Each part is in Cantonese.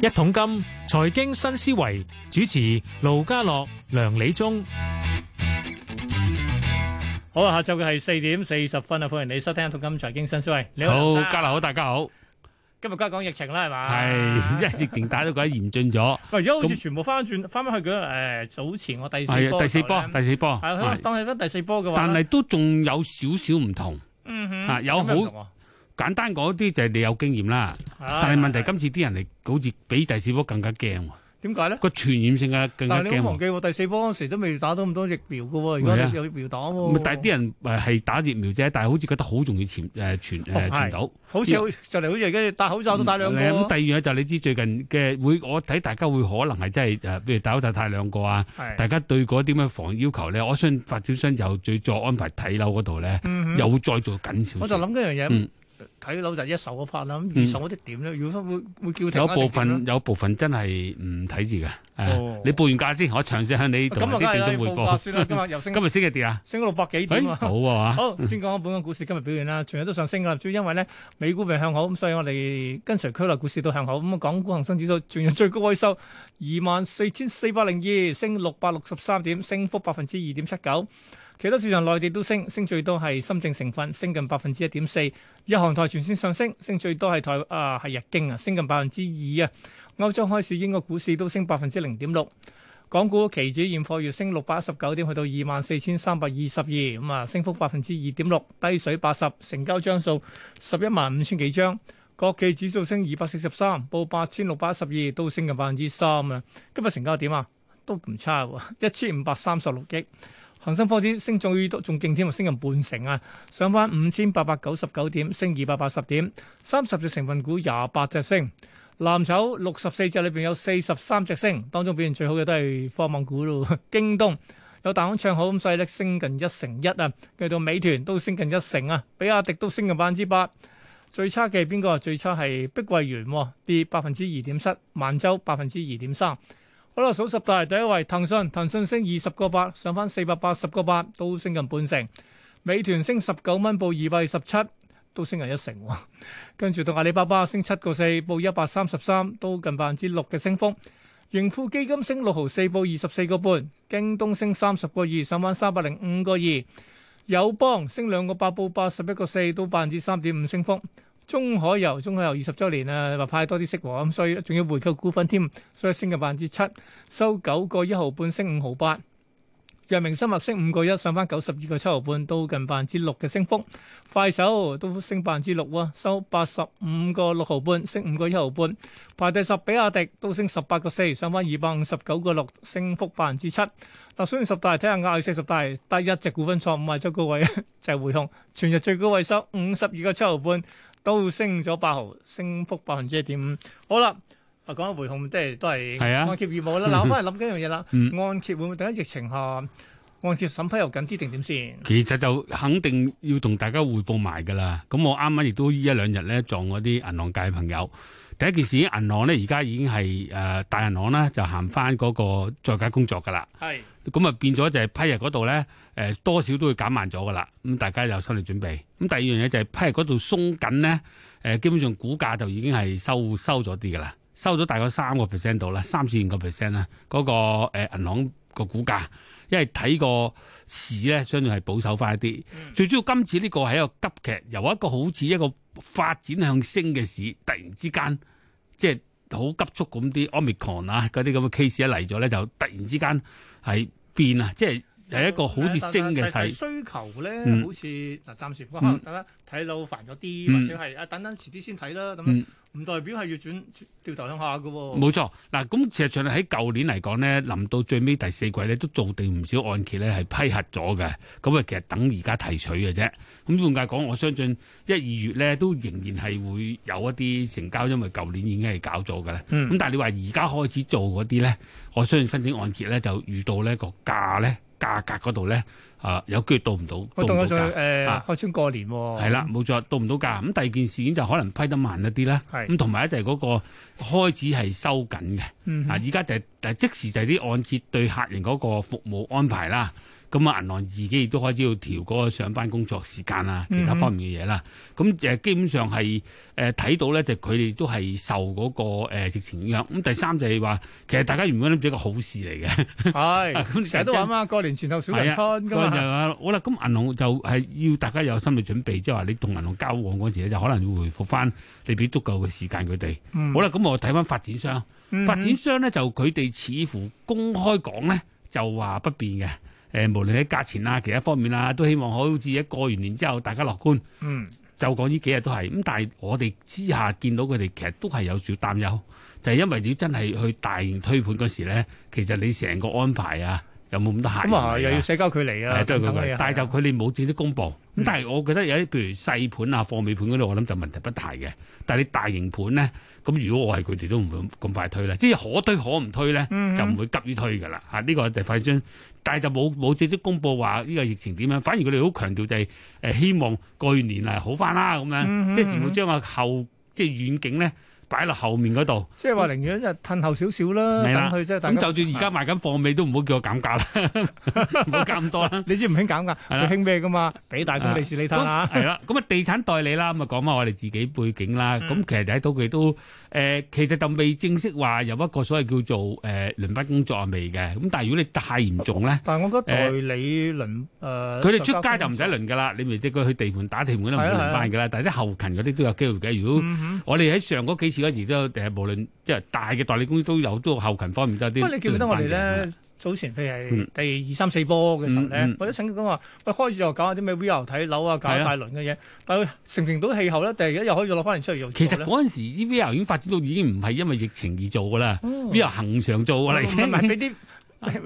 一桶金財經新思維主持盧家樂、梁理中，好啊！下晝嘅係四點四十分啊！歡迎你收聽《一桶金財經新思維》。你好，嘉樂好，大家好。今日家講疫情啦，係嘛？係，即係疫情打到鬼嚴峻咗。而家好似全部翻轉，翻翻去嗰個誒，早前我第四波，第四波，第四波。當係翻第四波嘅話，但係都仲有少少唔同。嗯哼，啊有好。簡單講啲就係你有經驗啦，但係問題今次啲人嚟好似比第四波更加驚，點解咧？個傳染性啊更加驚。但係你唔忘記第四波嗰時都未打到咁多疫苗噶而家有疫苗打喎。但係啲人係係打疫苗啫，但係好似覺得好容易潛誒傳誒傳到。好似好就嚟好似而家戴口罩都戴兩個。咁第二樣就你知最近嘅會，我睇大家會可能係真係誒，譬如戴口罩戴兩個啊。大家對嗰啲咩防疫要求咧，我想發展商又再再安排睇樓嗰度咧，又再做緊少少。我就諗樣嘢。睇樓就一手嘅法啦，咁二手嗰啲點咧？如果會會叫停？有部分有部分真係唔睇字嘅。哦，你報完價先，我嘗試向你讀啲。咁啊，今日又升，今日升嘅跌、哎、啊，升咗六百幾點啊？好啊好，先講下本港股市今日表現啦，全日都上升噶，主要因為咧美股未向好，咁所以我哋跟隨區內股市都向好。咁啊，港股恒生指數仲有最高位收二萬四千四百零二，升六百六十三點，升幅百分之二點七九。其他市場內地都升，升最多係深證成分升近百分之一點四。日韓台全線上升，升最多係台啊係日經啊，升近百分之二啊。歐洲開市英國股市都升百分之零點六。港股期指現貨月升六百一十九點，去到二萬四千三百二十二，咁啊升幅百分之二點六，低水八十，成交張數十一萬五千幾張。國企指數升二百四十三，報八千六百一十二，都升近百分之三啊。今日成交點啊，都唔差喎，一千五百三十六億。恒生科技升最多，仲勁添，升近半成啊！上翻五千八百九十九點，升二百八十點，三十隻成分股廿八隻升，藍籌六十四隻裏邊有四十三隻升，當中表現最好嘅都係科網股咯。京東有大行唱好咁勢，力升近一成一啊！再到美團都升近一成啊，比亞迪都升近百分之八。最差嘅係邊個？最差係碧桂園跌百分之二點七，萬洲百分之二點三。好啦，數十大，第一位騰訊，騰訊升二十個八，上翻四百八十個八，都升近半成。美團升十九蚊，報二百二十七，都升近一成。跟住到阿里巴巴，升七個四，報一百三十三，都近百分之六嘅升幅。盈富基金升六毫四，報二十四個半。京東升三十個二，上翻三百零五個二。友邦升兩個八，報八十一個四，都百分之三點五升幅。中海油，中海油二十周年啊，話派多啲息喎，咁所以咧，仲要回購股份添，所以升嘅百分之七，收九個一毫半，升五毫八。藥明生物升五個一，上翻九十二個七毫半，到近百分之六嘅升幅。快手都升百分之六喎，收八十五個六毫半，升五個一毫半，排第十。比亞迪都升十八個四，上翻二百五十九個六，升幅百分之七。嗱，雖然十大睇下亞細亞十大，得一隻股份創五日最高位，就係匯控。全日最高位收五十二個七毫半。都升咗八毫，升幅百分之一點五。好啦，啊，講下匯控，即係都係按揭業務啦。嗱、啊，我翻嚟諗呢樣嘢啦，嗯、按揭會唔會喺疫情下按揭審批又緊啲定點先？其實就肯定要同大家匯報埋噶啦。咁我啱啱亦都依一兩日咧撞過啲銀行界嘅朋友。第一件事，銀行咧而家已經係誒、呃、大銀行啦，就行翻嗰個在家工作㗎啦。係咁啊，變咗就係批入嗰度咧，誒、呃、多少都會減慢咗㗎啦。咁大家有心理準備。咁第二樣嘢就係批入嗰度鬆緊咧，誒、呃、基本上股價就已經係收收咗啲㗎啦，收咗大概三個 percent 度啦，三四個 percent 啦。嗰個誒銀行個股價，因為睇個市咧相對係保守翻一啲。嗯、最主要今次呢個係一個急劇由一個好似一個發展向升嘅市，突然之間。即係好急促咁啲 Omicron 啊，嗰啲咁嘅 case 一嚟咗咧，就突然之間係變啊，即係。係一個好似升嘅勢，需求咧好似嗱，嗯、暫時可能大家睇到煩咗啲，嗯、或者係啊等等，遲啲先睇啦。咁樣唔代表係要轉掉頭向下嘅，哦。冇錯，嗱咁事實上喺舊年嚟講咧，臨到最尾第四季咧，都做定唔少按揭咧係批核咗嘅。咁啊，其實等而家提取嘅啫。咁換句講，我相信一二月咧都仍然係會有一啲成交，因為舊年已經係搞咗㗎啦。咁、嗯、但係你話而家開始做嗰啲咧，我相信申請按揭咧就遇到呢個價咧。價格嗰度咧。啊！有機會到唔到到唔到價？開春過年喎。係啦，冇錯，到唔到價。咁第二件事件就可能批得慢一啲啦。咁同埋一就係嗰個開始係收緊嘅。嗯。啊！而家就即時就係啲按揭對客人嗰個服務安排啦。咁啊，銀行自己亦都開始要調嗰個上班工作時間啊，其他方面嘅嘢啦。咁基本上係睇到咧，就佢哋都係受嗰個疫情影響。咁第三就係話，其實大家原本諗住一個好事嚟嘅。係。咁成日都話啊嘛，過年前後少人春㗎嘛。好啦，咁銀行就係要大家有心理準備，即係話你同銀行交往嗰時咧，就可能要回覆翻你俾足夠嘅時間佢哋。嗯、好啦，咁我睇翻發展商，嗯、哼發展商咧就佢哋似乎公開講咧就話不變嘅。誒、呃，無論喺價錢啊，其他方面啊，都希望好似喺過完年之後大家樂觀。嗯，就講呢幾日都係咁，但係我哋之下見到佢哋其實都係有少擔憂，就係因為你真係去大型推盤嗰時咧，其實你成個安排啊。又冇咁多限制，咁啊又要社交距離啊，都係但就佢哋冇正式公佈，咁、嗯、但係我覺得有啲譬如細盤啊、貨尾盤嗰度，我諗就問題不大嘅。但係啲大型盤咧，咁如果我係佢哋都唔會咁快推啦，即、就、係、是、可推可唔推咧，就唔會急於推噶啦。嚇、嗯嗯，呢個就快將，但係就冇冇正式公佈話呢個疫情點樣，反而佢哋好強調就係、是、誒、呃、希望過年係好翻啦咁樣，嗯嗯嗯即係全部將個後即係遠景咧。擺落後面嗰度，即係話寧願即係褪後少少啦，等佢即係大家就算而家賣緊貨尾都唔好叫我減價啦，唔好減咁多啦。你知唔興減價，你興咩㗎嘛？俾大個利是你睇下。係啦，咁啊地產代理啦，咁啊講返我哋自己背景啦。咁其實就喺到佢都誒，其實就未正式話有一個所謂叫做誒輪班工作啊未嘅。咁但係如果你太嚴重咧，但係我覺得代理輪誒，佢哋出街就唔使輪㗎啦。你咪即係佢去地盤打地盤都唔會輪翻㗎啦。但係啲後勤嗰啲都有機會嘅。如果我哋喺上嗰幾次，而家時都誒，無論即係大嘅代理公司都有，都後勤方面都有啲。不過你記唔記得我哋咧，早前譬如係第二三四波嘅時候咧，嗯嗯、或者陳經理講話，喂開始又搞下啲咩 VR 睇樓啊，搞大輪嘅嘢，是啊、但係承唔承到氣候咧？定係一又可以攞翻嚟出嚟用？其實嗰陣時啲 VR 已經發展到已經唔係因為疫情而做噶啦，VR 恒常做嚟嘅？唔係唔俾啲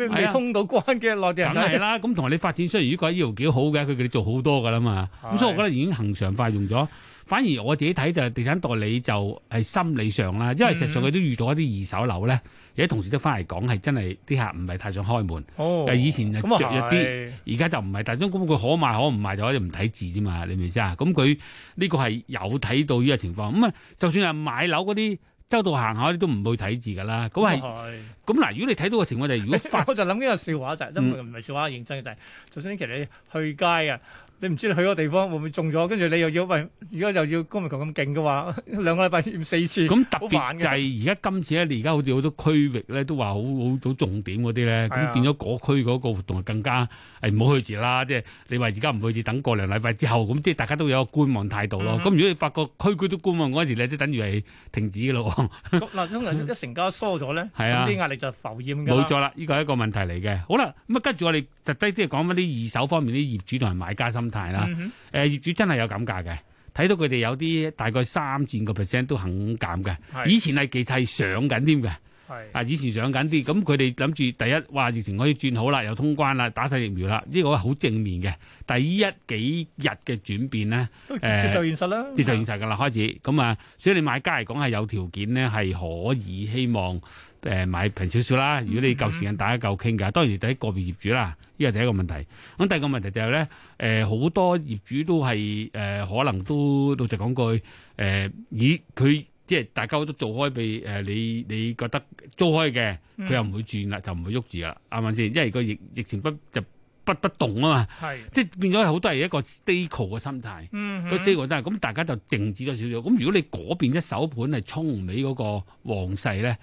未通到關嘅內地人。咁、啊、啦，咁同埋你發展雖然呢個醫療幾好嘅，佢叫你做好多噶啦嘛。咁、啊、所以我覺得已經恒常化用咗。反而我自己睇就係地產代理就係心理上啦，因為實上佢都遇到一啲二手樓咧，有啲、嗯、同事都翻嚟講係真係啲客唔係太想開門。哦，以前一、嗯、就着一啲，而家就唔係，但係咁佢可賣可唔賣就可以唔睇字啫嘛，你明唔明先啊？咁佢呢個係有睇到呢個情況。咁啊，就算係買樓嗰啲周到行下，都唔會睇字㗎啦。咁係咁嗱，如果你睇到嘅情況就係如果，我就諗呢個笑話就係、是，唔係、嗯、笑話，認真嘅就係、是，就算其實你去街啊。你唔知去個地方會唔會中咗，跟住你又要喂，而家又要高密度咁勁嘅話，兩個禮拜驗四次，咁特別就係而家今次咧，而家好似好多區域咧都話好好好重點嗰啲咧，咁變咗嗰區嗰個活動更加唔好、哎、去住啦。即係你話而家唔去住，等個兩禮拜之後，咁即係大家都有一個觀望態度咯。咁、嗯嗯、如果你發覺區區都觀望嗰陣時，你即等於係停止嘅咯。咁嗱，如果一成交疏咗咧，係啊，啲壓力就浮煙嘅。冇錯啦，呢個係一個問題嚟嘅。好啦，咁啊跟住我哋就低啲講翻啲二手方面啲業主同埋買家啦，誒業主真係有減價嘅，睇到佢哋有啲大概三至五個 percent 都肯減嘅，是的以前係其實係上緊添嘅。係啊！是以前上緊啲，咁佢哋諗住第一，哇！疫情可以轉好啦，又通關啦，打晒疫苗啦，呢、這個好正面嘅。第一幾日嘅轉變咧，接受現實啦，呃、接受現實㗎啦，啊、開始咁啊！所以你買家嚟講係有條件咧，係可以希望誒、呃、買平少少啦。如果你夠時間打，大家、嗯嗯、夠傾嘅，當然睇個別業主啦。呢個係第一個問題。咁第二個問題就係、是、咧，誒、呃、好多業主都係誒、呃，可能都老實講句誒、呃，以佢。他即係大家都做開，俾、呃、誒你你覺得租開嘅，佢又唔會轉啦，就唔會喐住啦，啱唔啱先？因為個疫疫情不就不不動啊嘛，係是即係變咗好多係一個 stable 嘅心態，都 stable 真係，咁大家就靜止咗少少。咁如果你嗰邊一手盤係衝唔起嗰個旺勢咧？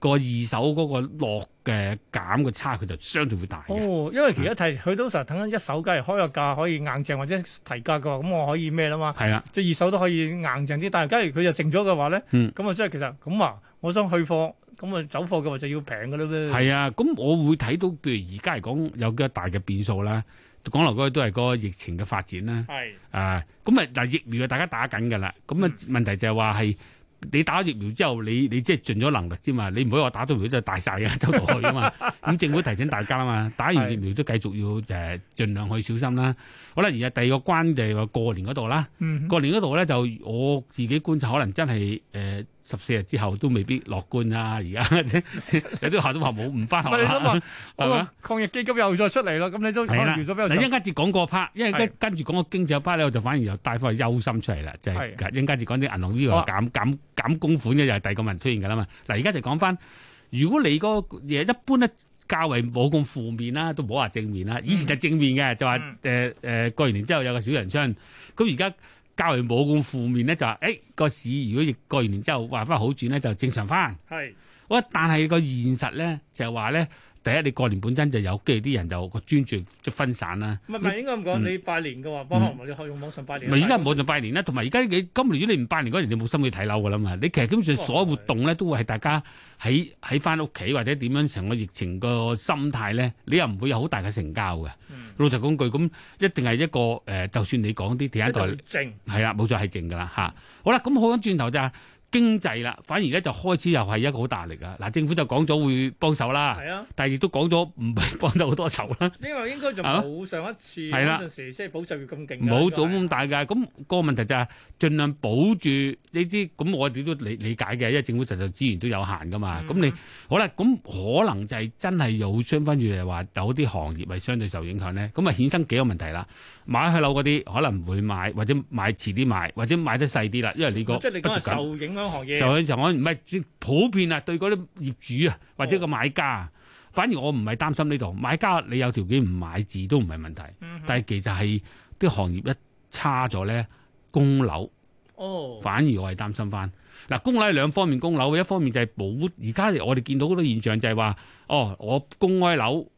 個二手嗰個落嘅減嘅差距就相對會大。哦，因為其實提佢是都成日等緊一手，假如開個價可以硬正或者提價嘅話，咁我可以咩啦嘛？係啊，即係二手都可以硬正啲。但係假如佢就剩咗嘅話咧，咁啊、嗯，即係其實咁啊，我想去貨，咁啊走貨嘅話就要平噶啦咩？係啊，咁我會睇到譬如而家嚟講有幾大嘅變數啦。講嚟講去都係個疫情嘅發展啦。係啊是，咁啊、呃，疫苗大家打緊噶啦。咁啊，問題就係話係。嗯你打咗疫苗之後，你你即係盡咗能力啫嘛，你唔好話打到疫苗就大晒啊，走落去啊嘛。咁政府提醒大家啦嘛，打完疫苗都繼續要誒盡量去小心啦。好啦，而家第二個關就係過年嗰度啦。過年嗰度咧就我自己觀察，可能真係誒十四日之後都未必樂觀啊。而家有啲客都話冇唔翻學啊嘛。抗疫基金又再出嚟咯，咁你都係啦。嗱，一陣間接講個 part，因為跟住講個經濟 part 咧，我就反而又帶翻憂心出嚟啦，就係一陣間先講啲銀行呢個減減。減供款嘅又係第二個問題出現噶啦嘛。嗱，而家就講翻，如果你個嘢一般咧，較為冇咁負面啦，都唔好話正面啦。以前就正面嘅，就話誒誒過完年之後有個小陽春，咁而家較為冇咁負面咧，就話誒個市如果過完年之後話翻好轉咧，就正常翻。係，是，哇！但係個現實咧就係話咧。第一，你過年本身就有，跟住啲人就個專注即分散啦。唔係唔係，應該咁講，嗯、你拜年嘅話，不妨唔係你可以用網上拜年拜。咪而家網上拜年啦，同埋而家你今年如果你唔拜年嗰年，你冇心去睇樓㗎啦嘛。你其實基本上所有活動咧，都會係大家喺喺翻屋企或者點樣成個疫情個心態咧，你又唔會有好大嘅成交嘅。嗯、老實講句，咁一定係一個就算你講啲第一講，係啊，冇錯係正㗎啦吓。好啦，咁好咁轉頭就。經濟啦，反而咧就開始又係一個好大力噶。嗱，政府就講咗會幫手啦，是啊、但係亦都講咗唔係幫到好多手啦。因為應該仲冇上一次嗰陣、啊、時即係補救咁勁。冇做咁大㗎，咁、啊、個問題就係盡量保住呢啲。咁我哋都理理解嘅，因為政府實際上資源都有限㗎嘛。咁、啊、你好啦，咁可能就係真係有雙翻轉，係話有啲行業係相對受影響咧。咁啊衍生幾個問題啦，買起樓嗰啲可能唔會買，或者買遲啲買，或者買得細啲啦。因為個說你個即係你講受影行業就係成我唔係普遍啊，對嗰啲業主啊或者個買家，哦、反而我唔係擔心呢度。買家你有條件唔買字都唔係問題，嗯、哼但係其實係啲行業一差咗咧，供樓哦，反而我係擔心翻嗱。哦、供樓係兩方面，供樓一方面就係保而家我哋見到好多現象就係話哦，我供開樓。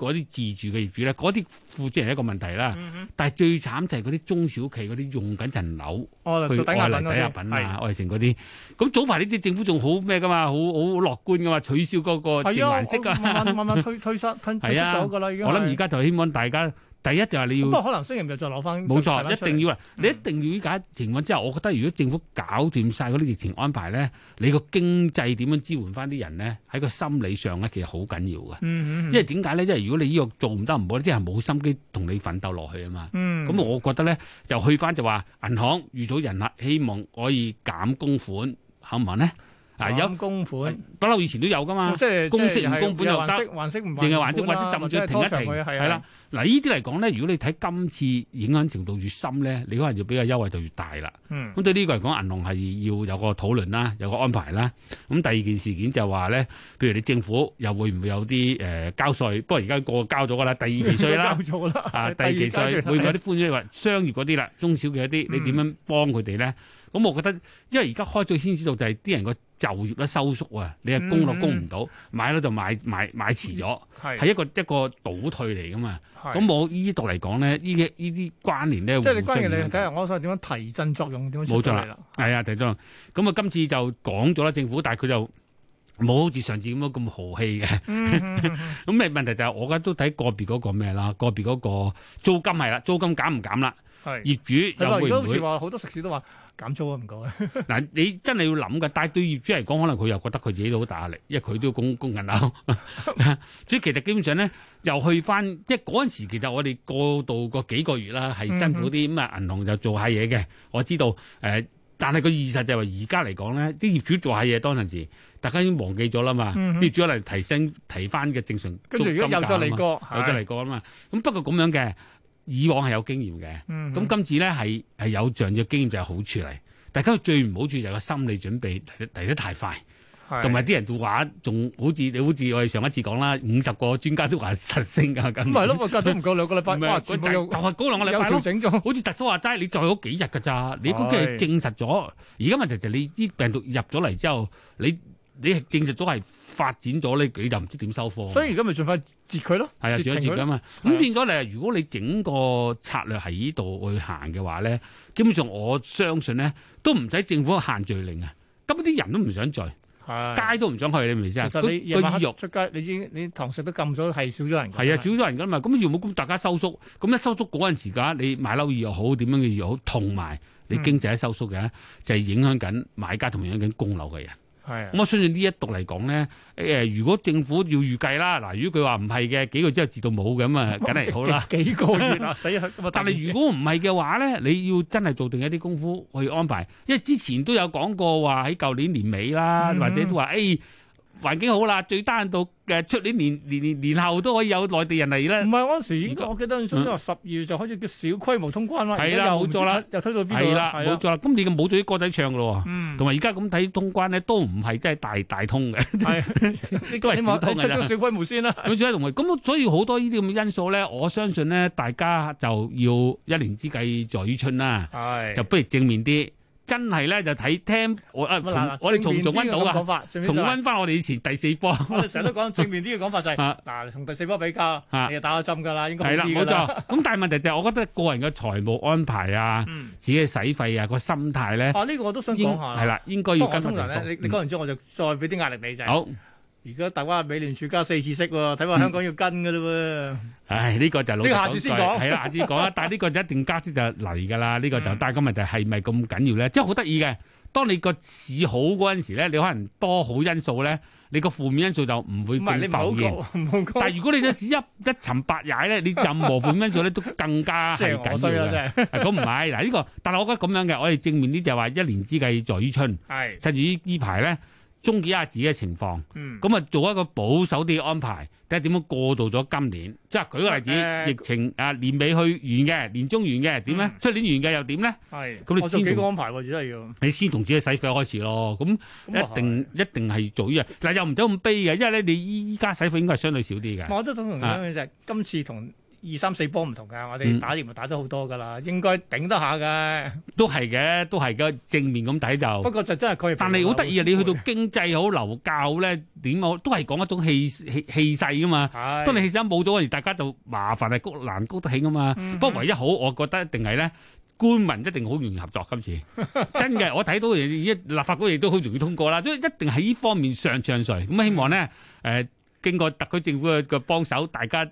嗰啲自住嘅業主咧，嗰啲負債係一個問題啦。嗯、哼但係最慘就係嗰啲中小企嗰啲用緊層樓去掛下抵押品啊，愛、啊、的成嗰啲。咁早排呢啲政府仲好咩㗎嘛？好好樂觀㗎嘛？取消嗰個漸環式㗎、啊。慢慢慢慢推推出，推走㗎啦。的我諗而家就希望大家。第一就係你要，不過可能星期日再攞翻。冇錯，一定要啦。你一定要解情況之後，嗯、我覺得如果政府搞掂晒嗰啲疫情安排咧，你個經濟點樣支援翻啲人咧？喺個心理上咧，其實好緊要嘅。因為點解咧？因為如果你呢個做唔得唔好，呢啲人冇心機同你奮鬥落去啊嘛。咁我覺得咧，就去翻就話銀行遇到人啦，希望可以減供款，肯唔肯呢？嗱，有公款，不嬲以前都有噶嘛。即係供息唔供本又得，淨係還息，或者暫住停一停。係啦，嗱，呢啲嚟講咧，如果你睇今次影響程度越深咧，你可能要俾嘅優惠就越大啦。咁對呢個嚟講，銀行係要有個討論啦，有個安排啦。咁第二件事件就話咧，譬如你政府又會唔會有啲誒交稅？不過而家個個交咗噶啦，第二期稅啦，啊，第二期稅會唔會有啲寬鬆？話商業嗰啲啦，中小企嗰啲，你點樣幫佢哋咧？咁我覺得，因為而家開咗先知到就係啲人個就業咧收縮啊，你係供咯，供唔到，嗯、買咧就買買買遲咗，係、嗯、一個一個倒退嚟噶嘛。咁是我呢度嚟講咧，呢啲啲關聯咧，即係你關聯嚟睇下，我係點樣提振作用？點樣冇錯啦，係啊，提振。咁啊，今次就講咗啦，政府，但係佢就冇好似上次咁樣咁豪氣嘅。咁咩、嗯嗯嗯、 問題就係、是、我覺得都睇個別嗰個咩啦，個別嗰個租金係啦，租金減唔減啦？係的業主又會唔會有冇會唔會好多食肆都話？減租啊，唔講啦。嗱， 你真係要諗嘅，但係對業主嚟講，可能佢又覺得佢自己都好大壓力，因為佢都要供供緊樓。 所以其實基本上咧，又去翻即係嗰陣時，其實我哋過度個幾個月啦，係辛苦啲。咁啊，銀行就做下嘢嘅。嗯、哼我知道誒、呃，但係個事實就係話而家嚟講咧，啲業主做下嘢，當陣時大家已經忘記咗啦嘛。嗯、哼業主可能提升提翻嘅正常跟住、嗯、哼又再嚟過嘛。又再嚟過啊嘛。咁不過咁樣嘅。以往係有經驗嘅，咁、嗯、哼今次咧係係有仗，只經驗就是、有好處嚟。大家最唔好處就係個心理準備嚟得太快，同埋啲人都話仲好似你好似我哋上一次講啦，五十個專家都話實升啊咁。咁咪隔都唔夠兩個禮拜。哇，全部又哇高兩個禮拜都整咗。好似特首話齋，你再嗰幾日㗎咋？你估佢係證實咗。而家的問題就係你啲病毒入咗嚟之後，你。你建設咗係發展咗咧，你就唔知點收貨。所以而家咪盡快截佢咯。係啊，截住佢啊嘛。咁變咗你，如果你整個策略喺呢度去行嘅話咧，啊、基本上我相信咧，都唔使政府限聚令嘅。根本啲人都唔想聚，啊、街都唔想去，你明唔明啊？其實你夜晚黑出街，你知你堂食都禁咗，係少咗人。係啊，少咗人噶嘛。咁要冇咁大家收縮，咁一收縮嗰陣時㗎，你買樓業又好點樣嘅又好，同埋你經濟一收縮嘅，嗯、就係影響緊買家同埋影響緊供樓嘅人。係，我相信呢一度嚟講咧，誒，如果政府要預計啦，嗱，如果佢話唔係嘅，幾個月之後至到冇咁啊，梗係好啦。幾個月啦？但係如果唔係嘅話咧，你要真係做定一啲功夫去安排，因為之前都有講過話喺舊年年尾啦，或者都話誒。嗯.環境好啦，最單到嘅出年年年年年後都可以有內地人嚟啦。唔係嗰時，應該我記得最初都話十二月就開始叫小規模通關啦。係啦，冇錯啦，又推到邊度？係啦，冇錯啦。咁你冇咗啲歌仔唱噶咯。同埋而家咁睇通關咧，都唔係真係大大通嘅。係，你希望睇出咗小規模先啦。咁同咁所以好多呢啲咁嘅因素咧，我相信咧，大家就要一年之計在於春啦。係。就不如正面啲。真係咧，就睇聽我我哋重重温到㗎。重温翻我哋以前第四波。我哋成日都講正面啲嘅講法就係，嗱，從第四波比較，你又打咗針噶啦，應該係啦。冇錯。咁但係問題就係，我覺得個人嘅財務安排啊，自己嘅使費啊，個心態咧。啊，呢個我都想講下。係啦，應該要跟同你你講完之後，我就再俾啲壓力你就好。而家大家美聯儲加四次息喎、啊，睇下香港要跟嘅啦喎。唉，呢、這個就是老實講句，係啦，下次講啦。 但係呢個就一定加息就嚟噶啦，呢、這個就。嗯、但係個問題係咪咁緊要咧？即係好得意嘅，當你個市好嗰陣時咧，你可能多好因素咧，你個負面因素就唔會咁浮現。但係如果你隻市一一沉百踩咧，你任何負面因素咧都更加即係 我衰係。咁唔係嗱，呢、 這個，但係我覺得咁樣嘅，我哋正面啲就係話一年之計在於春，係趁住呢呢排咧。中幾下自己嘅情況，咁啊做一個保守啲嘅安排，睇下點樣過渡咗今年。即係舉個例子，疫情啊年尾去完嘅，年中完嘅，點咧？出年完嘅又點咧？係。咁你先做幾個安排喎，主要係要。你先從自己洗費開始咯，咁一定一定係做依樣。但又唔走咁悲嘅，因為咧你依家洗費應該係相對少啲嘅。我都同你一樣就係今次同。二三四波唔同噶，我哋打嘢咪打咗好多噶啦，應該頂得下㗎。都係嘅，都係嘅，正面咁睇就。不過就真係佢。但係好得意啊！你去到經濟好、樓教咧，點都係講一種氣氣勢噶嘛。當你氣勢一冇咗，而大家就麻煩啊，谷難谷得起㗎嘛。不過唯一好，我覺得一定係咧，官民一定好容易合作今次。真嘅，我睇到亦立法局亦都好容易通過啦，都一定喺呢方面上上瑞咁啊！希望咧，誒經過特區政府嘅嘅幫手，大家。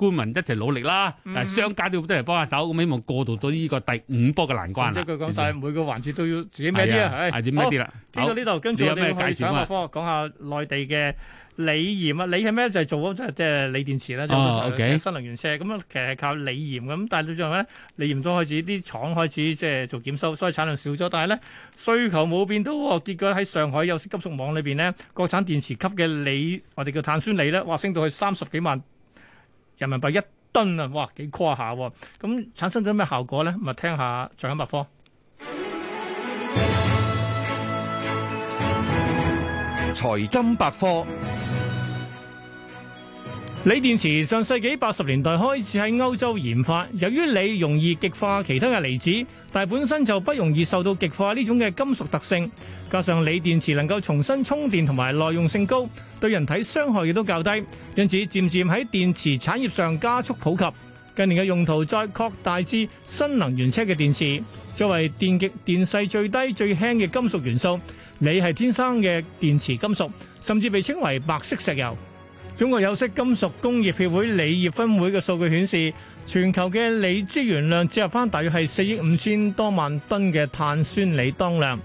官民一齊努力啦，誒、嗯、商家都要多人幫下手，咁希望過渡到呢個第五波嘅難關啊！即係佢講，晒是每個環節都要自己咩啲啊？係點咩啲啦？經、哦、到呢度，好跟住我哋去請個科學講下內地嘅鋰鹽啊！鋰係咩就係、是、做咗即係即係鋰電池啦，就新能源車咁樣，其實係靠鋰鹽咁，但係到最後咧，鋰鹽都開始啲廠開始，開始即係做檢修，所以產量少咗。但係咧需求冇變到。喎，結果喺上海有色金屬網裏邊咧，國產電池級嘅鋰，我哋叫碳酸鋰咧，話升到去三十幾萬。人民幣一噸啊，哇，幾誇下喎！咁產生咗咩效果咧？咪聽下財金百科。財金百科。鋰電池上世紀八十年代開始喺歐洲研發，由於鋰容易極化其他嘅離子，但本身就不容易受到極化呢種嘅金屬特性，加上鋰電池能夠重新充電同埋耐用性高，對人體傷害亦都較低，因此漸漸喺電池產業上加速普及。近年嘅用途再擴大至新能源車嘅電池。作為電極電勢最低最輕嘅金屬元素，鋰係天生嘅電池金屬，甚至被稱為白色石油。中國有色金屬工業協會鋰業分會嘅數據顯示，全球嘅鋰資源量折合翻大約係四億五千多萬噸嘅碳酸鋰當量。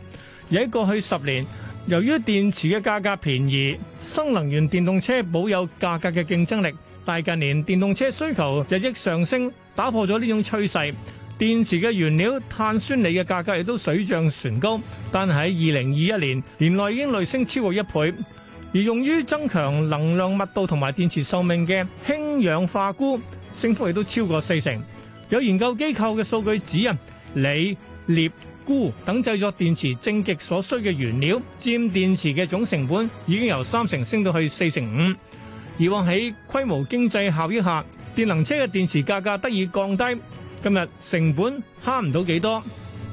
而喺過去十年，由於電池嘅價格便宜，新能源電動車保有價格嘅競爭力，但近年電動車需求日益上升，打破咗呢種趨勢。電池嘅原料碳酸鋰嘅價格亦都水漲船高，但喺二零二一年年內已經累升超過一倍。而用於增強能量密度同埋電池壽命嘅氫氧化鈷，升幅亦都超過四成。有研究機構嘅數據指，鋰、鎳、鈷等製作電池正極所需嘅原料，佔電池嘅總成本已經由三成升到去四成五。以往喺規模經濟效益下，電能車嘅電池價格得以降低，今日成本慳唔到幾多。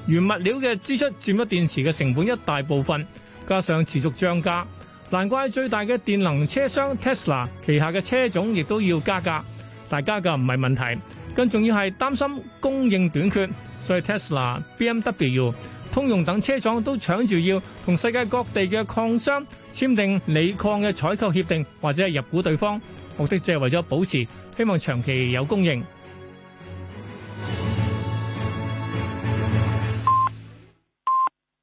原物料嘅支出佔咗電池嘅成本一大部分，加上持續漲價。難怪最大嘅電能車商 Tesla 旗下嘅車種亦都要加價，但加價唔係問題，更重要係擔心供應短缺，所以 Tesla、BMW、通用等車廠都搶住要同世界各地嘅礦商簽訂鋰礦嘅採購協定，或者係入股對方，目的只係為咗保持希望長期有供應。